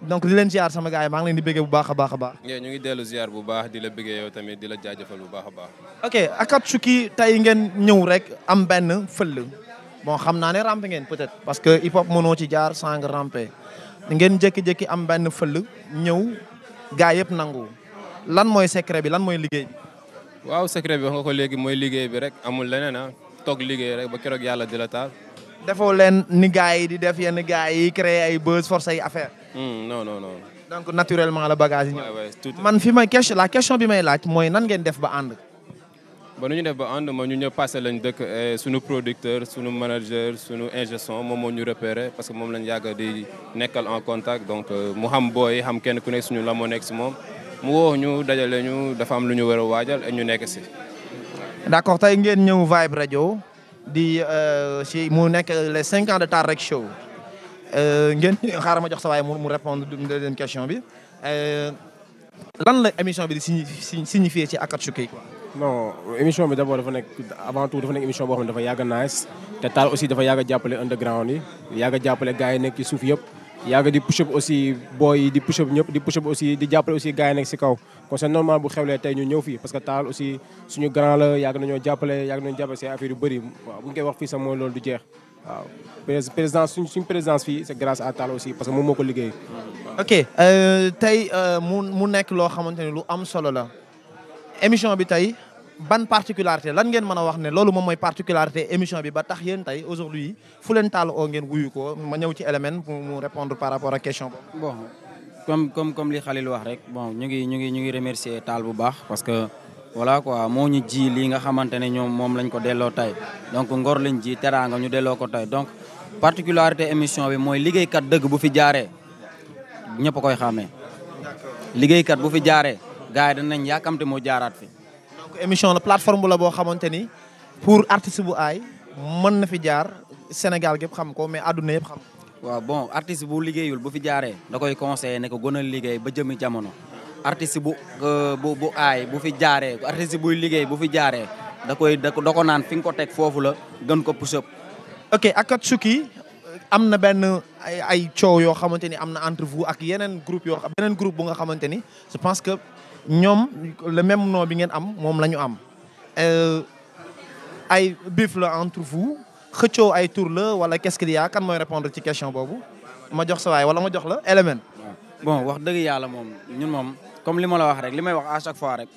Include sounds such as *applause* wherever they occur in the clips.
donc di len ziar sama gars yi maa ngi len di bëggee bu baax a baax a ñu ngi délu ziar bu baax di la bëggee yow tamit di la jaajeufal bu baax baax. ok chuki tay ngeen ñëw rek am ben feul bon xamna né ramp ngeen peut-être parce que hip hop mëno ci jaar sang rampé ngeen jékki-jékki am ben feul ñëw gaay yëpp nangu lan moy secret bi lan moy liggéey bi. waaw secret bi wax nga ko légui moy liggéey bi rek amul lenen ha ah. tok liggéey rek ba kérok yalla di la taal. defo len ni gaay yi di def yenn gaay yi créer ay buzz force ay affaire Hmm, non non non. donc naturellement la bagage yi la question bi may laaj mooy nan ngeen def ba ba ñu def ba ñu lañ producteurs, eh, suñu producteur suñu manager suñu ingestion parce que nous lañ en contact donc euh, Mohamed xam kenn ku suñu la nous Nous ñu dafa am ñu d'accord Vibe Radio euh, les 5 ans de Tarek Show. Euh, ngeen *laughs* xaaral ma jox sa waaye mu répondre leen question bi euh, lan la émission bi di signi signifier ci Akatsuki quoi. non émission bi d'abord dafa nekk avant tout dafa nekk boo dafa yàgg a nice te taal aussi dafa yàgg jàppale underground yi yàgg a jàppale gars yi nekk ci suuf yëpp. yàgg di push aussi booy di push up ñëpp di push up aussi di jàppale aussi gars yi si kaw kon c'est normal bu xewlee tey ñu ñëw fii parce que taal aussi suñu grand la yàgg nañoo jàppale yàgg nañoo jàppale seen affaire yu bëri waaw bu koy wax fi sax loolu du jeex. waaw présidence suñ suñ présidence fii c'est grâce à Tal aussi parce que moom moo ko liggéey. ok euh, tey euh, mu mu nekk loo xamante ne lu am solo la émission bi tey ban particularité lan ngeen mën a wax ne loolu moom mooy particularité émission bi ba tax yéen tey aujourd'hui fu leen taal oo ngeen wuyu ko ma ñëw ci élément pour mu répondre par rapport à question bon comme comme comme li Khalil wax rek bon ñu ngi ñu ngi ñu ngi remercier Tal bu baax parce que. voilà quoi moo ñu ji lii nga xamante ne ñoom moom lañ ko delloo tey donc ngor lañ ji teraanga ñu delloo ko tay donc particularité émission bi mooy liggéeykat dëgg bu fi jaaree ñëpp a koy xàmmee. liggéeykat bu fi jaaree gars yi yàkkamte moo jaaraat fi. donc émission la plateforme la boo xamante ni pour artiste bu aay mën na fi jaar Sénégal gépp xam ko mais àdduna yëpp xam waaw bon artiste bu liggéeyul bu fi jaaree da koy conseillé ne ko gën a liggéey ba jëmmi jamono. artiste bu bu bu aay bu fi jaaree artiste buy liggéey bu fi jaaree da koy da ko naan fi nga ko teg foofu la gën ko push up. ok Akatsuki am na benn ay ay coow yoo xamante ni am na entre vous ak yeneen groupe yoo xam beneen groupe bu nga xamante ni je pense que ñoom le même nom bi ngeen am moom la ñu am. Euh, ay bif la entre vous xëccoo ay tour la wala qu'est-ce kan mooy répondre ci question boobu ma jox sa wala ma jox la élément. bon wax dëgg yàlla moom ñun moom comme li ma la wax rek li may wax à chaque fois rek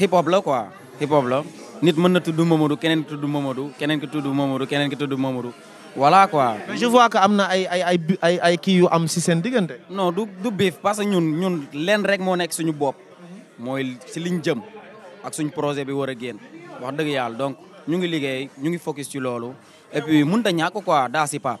hip la quoi hip la nit mën na tudd Momadou keneen ki tudd Momadou keneen ki tudd Momadou keneen ki tudd Momadou voilà quoi. je vois que am na ay ay ay ay ay kii yu am si seen diggante. non du du biif parce que ñun ñun leen rek moo nekk suñu bopp. mooy si liñ jëm ak suñ projet bi war a génn wax dëgg yàlla donc ñu ngi liggéey ñu ngi focus ci loolu et puis mënut a quoi daa si paap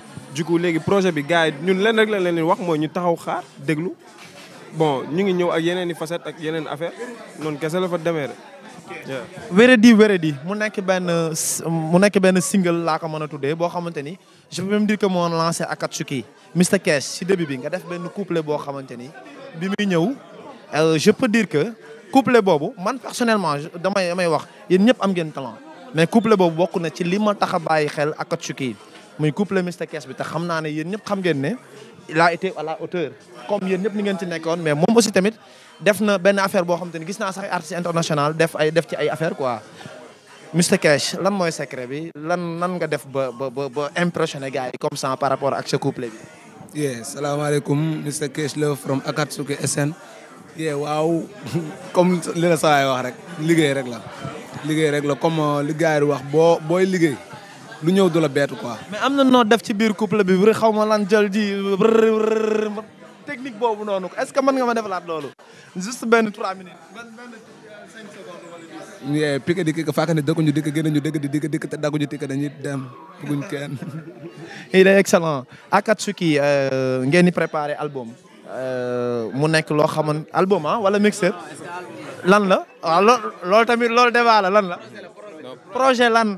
du léegi projet bi gars yi ñun leen rek la leen wax mooy ñu taxaw xaar déglu bon ñu ngi ñëw ak yeneen i facette ak yeneen affaire noonu kese la fa demee rek. wéredi wéredi mu nekk benn mu nekk benn single laa ko mën a tuddee boo xamante ni je peux même dire que moo lancé Akatsuki Mr Cash si début bi nga def benn couplet boo xamante ni bi muy ñëw euh, je peux dire que couplet boobu man personnellement damay damay wax yéen ñëpp am ngeen talent mais couplet boobu bokk na ci li ma tax a bàyyi xel kii muy couple Mister Cash bi te xam naa ne yéen ñëpp xam ngeen ne il a été à la hauteur comme yéen ñëpp ni ngeen ci nekkoon mais moom aussi tamit def na benn affaire boo xam te ne gis naa sax artiste international def def ci ay affaire quoi Mister Cash lan mooy secret bi lan nan nga def ba ba ba impressionné gars comme san par rapport ak ce couple bi yeah salaamaaleykum Mister Cash la from Akatsuki SN yeah waaw *laughs* comme li la sawaay wax rek liggéey rek la liggéey rek la comme li wax boo booy liggéey lu ñëw du la beetu quoi. am na noo def ci biir couple bi rek xaw ma lan jël ji technique boobu noonu est-ce que man nga ma defalaat loolu. juste benn 3 minutes. benn benn 5 secondes wala 10. pique di kii fàq ne dëkkuñu dikk gën a di dikk dikk te dagguñu dikk dañuy dem bëgguñ kenn. *laughs* il est excellent Akatsuki euh, ngeen di préparé album. Euh, mu nekk loo xaman album ah wala mixeur lan la waaw ah, loolu tamit loolu débat lan la projet lan.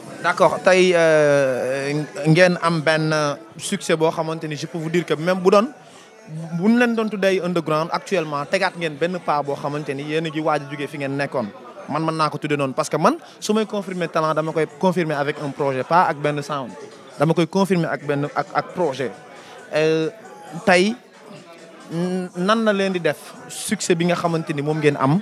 d'accord Tay euh, ngeen am ben succès bo xamante je peux vous dire que même bu doon buñ len don doon underground actuellement tegaat ngeen ben pas bo xamante ni gi a ngi fi ngeen nekkoon man man nako ko non. parce que man su confirmer talent dama koy confirmer avec un projet pas ak ben sound dama koy confirmer ak ben ak ak projet euh, tay nan na len di def succès bi nga xamante mom moom ngeen am.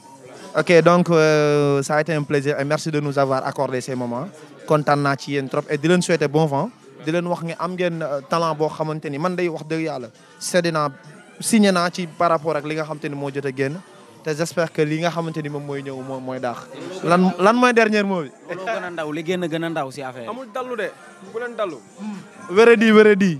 ok donc euh, ça a été un plaisir et merci de nous avoir accordé ces moments kontaan naa ci yéen trop et di leen souhaiter bon vent di leen wax nga am ngeen euh, talent boo xamante ni man day wax dëgg yàlla seede signé na ci par rapport ak li nga xamanteni mo moo jot a j'espère que li nga xamanteni mom moy mooy ñëw moom mooy daax. lan lan moy dernière mot bi. loolu gën ndaw li gëna gëna ndaw ci affaire amul dalu dé bu leen dalu hmm. wéré di wéré di.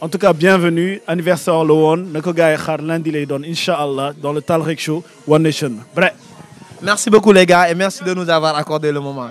en tout cas bienvenue anniversaire la woon na dans le Talrek Show One Nation bref merci beaucoup les gars et merci de nous avoir accordé le moment